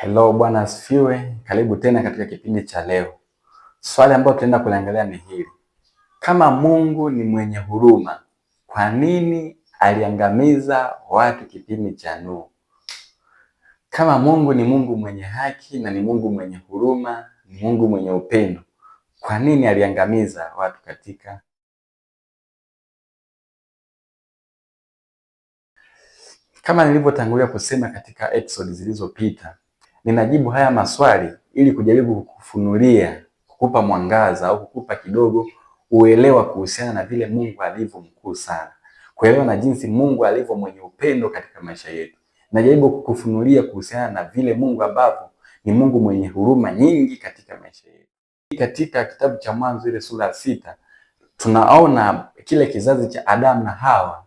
Hello bwana asifiwe, karibu tena katika kipindi cha leo. Swali ambalo tunaenda kuliangalia ni hili: kama Mungu ni mwenye huruma, kwa nini aliangamiza watu kipindi cha Nuhu? Kama Mungu ni Mungu mwenye haki na ni Mungu mwenye huruma, ni Mungu mwenye upendo, kwa nini aliangamiza watu katika kama nilivyotangulia kusema katika episode zilizopita Ninajibu haya maswali ili kujaribu kukufunulia, kukupa mwangaza au kukupa kidogo uelewa kuhusiana na vile Mungu alivyo mkuu sana, kuelewa na jinsi Mungu alivyo mwenye upendo katika maisha yetu. Najaribu kukufunulia kuhusiana na vile Mungu ambavyo ni Mungu mwenye huruma nyingi katika maisha yetu. Katika kitabu cha Mwanzo ile sura ya sita tunaona kile kizazi cha Adamu na Hawa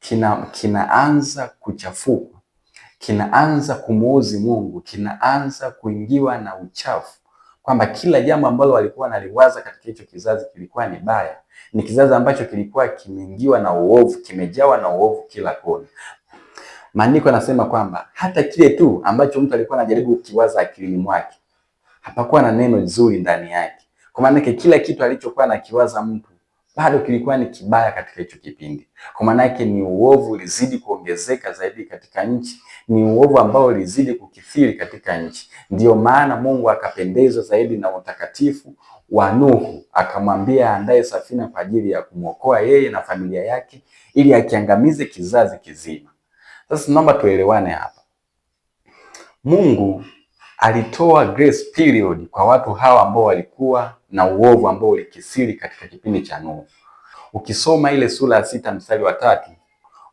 kina kinaanza kuchafuka kinaanza kumuuzi Mungu, kinaanza kuingiwa na uchafu, kwamba kila jambo ambalo walikuwa naliwaza katika hicho kizazi kilikuwa ni baya. Ni kizazi ambacho kilikuwa kimeingiwa na uovu, kimejawa na uovu kila kona. Maandiko yanasema kwamba hata kile tu ambacho mtu alikuwa anajaribu kukiwaza akilini mwake hapakuwa na neno zuri ndani yake. Kwa maana kila kitu alichokuwa anakiwaza mtu bado kilikuwa ni kibaya katika hicho kipindi. Kwa maana yake ni uovu ulizidi kuongezeka zaidi katika nchi, ni uovu ambao ulizidi kukithiri katika nchi. Ndiyo maana Mungu akapendezwa zaidi na utakatifu wa Nuhu, akamwambia andaye safina kwa ajili ya kumwokoa yeye na familia yake, ili akiangamize kizazi kizima. Sasa naomba tuelewane hapa, Mungu alitoa grace period kwa watu hawa ambao walikuwa na uovu ambao ulikisiri katika kipindi cha Nuhu. Ukisoma ile sura ya sita mstari wa tatu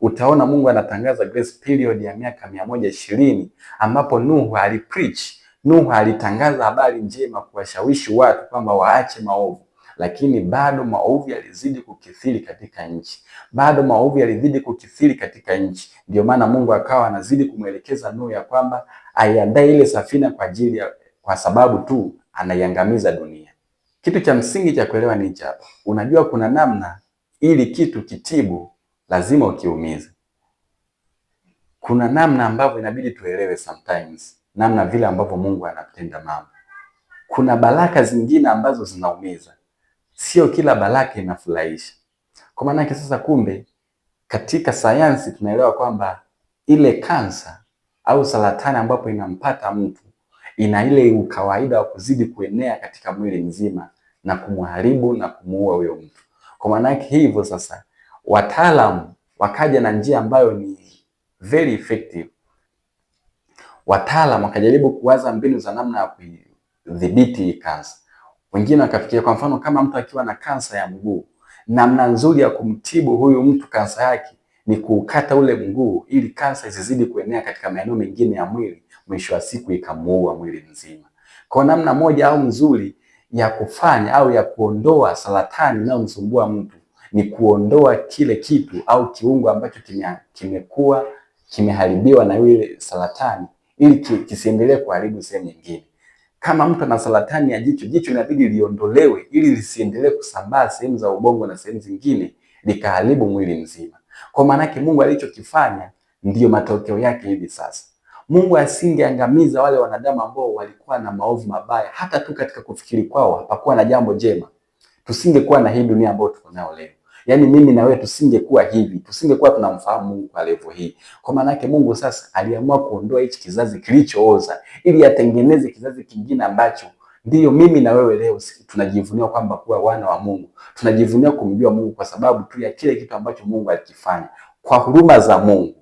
utaona Mungu anatangaza grace period ya miaka mia moja ishirini ambapo Nuhu alipreach, Nuhu alitangaza habari njema kuwashawishi watu kwamba waache maovu lakini bado maovu yalizidi kukithiri katika nchi, bado maovu yalizidi kukithiri katika nchi. Ndio maana Mungu akawa anazidi kumwelekeza Nuhu ya kwamba aiandae ile safina kwa ajili ya, kwa sababu tu anaiangamiza dunia. Kitu cha msingi cha kuelewa ni cha Unajua kuna namna ili kitu kitibu lazima ukiumize. Kuna namna ambavyo inabidi tuelewe sometimes, namna vile ambavyo Mungu anatenda mambo. Kuna baraka zingine ambazo zinaumiza sio kila baraka inafurahisha. Kwa maana yake sasa, kumbe katika sayansi tunaelewa kwamba ile kansa au saratani ambapo inampata mtu ina ile ukawaida wa kuzidi kuenea katika mwili mzima na kumharibu na kumuua huyo mtu. Kwa maana yake hivyo sasa, wataalamu wakaja na njia ambayo ni very effective. Wataalamu wakajaribu kuwaza mbinu za namna ya kudhibiti kansa wengine wakafikiria kwa mfano kama mtu akiwa na kansa ya mguu, namna nzuri ya kumtibu huyu mtu kansa yake ni kuukata ule mguu ili kansa isizidi kuenea katika maeneo mengine ya mwili, mwisho wa siku ikamuua mwili mzima. Kwa namna moja au nzuri ya kufanya au ya kuondoa saratani inayomsumbua mtu ni kuondoa kile kitu au kiungo ambacho kimekuwa kimeharibiwa na ile saratani ili kisiendelee kuharibu sehemu nyingine. Kama mtu ana saratani ya jicho, jicho inabidi liondolewe ili lisiendelee kusambaa sehemu za ubongo na sehemu zingine likaharibu mwili mzima. Kwa maana yake Mungu alichokifanya ndiyo matokeo yake hivi sasa. Mungu asingeangamiza wale wanadamu ambao walikuwa na maovu mabaya, hata tu katika kufikiri kwao hapakuwa na jambo jema, tusingekuwa na hii dunia ambayo tuko nayo leo. Yaani mimi na wewe tusingekuwa hivi, tusingekuwa tunamfahamu Mungu kwa level hii. Kwa maana yake Mungu sasa aliamua kuondoa hichi kizazi kilichooza ili atengeneze kizazi kingine ambacho ndiyo mimi na wewe leo tunajivunia kwamba kuwa wana wa Mungu, tunajivunia kumjua Mungu kwa sababu tu ya kile kitu ambacho Mungu alikifanya kwa huruma za Mungu,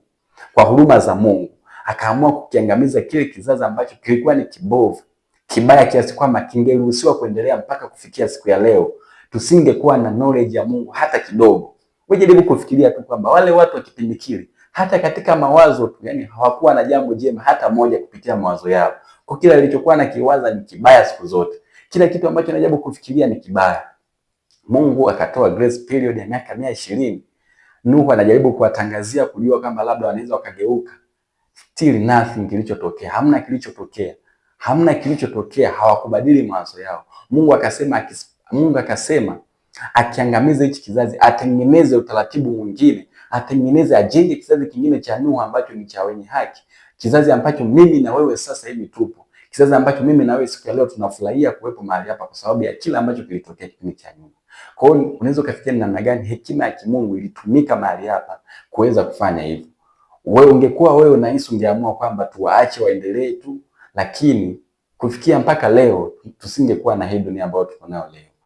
kwa huruma za Mungu akaamua kukiangamiza kile kizazi ambacho kilikuwa ni kibovu, kibaya kiasi kwamba kingeruhusiwa kuendelea mpaka kufikia siku ya leo tusingekuwa na knowledge ya Mungu hata kidogo. Wewe jaribu kufikiria tu kwamba wale watu wa kipindi kile hata katika mawazo tu, yani hawakuwa na jambo jema hata moja kupitia mawazo yao, kwa kila lilichokuwa na kiwaza ni kibaya siku zote, kila kitu ambacho anajaribu kufikiria ni kibaya. Mungu akatoa grace period ya miaka mia ishirini. Nuhu anajaribu kuwatangazia kujua kama labda wanaweza wakageuka, still nothing kilichotokea, hamna kilichotokea, hamna kilichotokea, hawakubadili mawazo yao. Mungu akasema akis Mungu akasema akiangamiza hichi kizazi atengeneze utaratibu mwingine, atengeneze, ajenge kizazi kingine cha Nuhu ambacho ni cha wenye haki, kizazi ambacho mimi na wewe sasa hivi tupo, kizazi ambacho mimi na wewe siku ya leo tunafurahia kuwepo mahali hapa kwa sababu ya kila ambacho kilitokea kipindi cha nyuma. Kwa hiyo unaweza ukafikia ni namna gani hekima ya kimungu ilitumika mahali hapa kuweza kufanya hivyo. Wewe ungekuwa wewe na Yesu, ungeamua kwamba tuwaache waendelee tu, lakini kufikia mpaka leo tusingekuwa na hii dunia ambayo tuko nayo leo.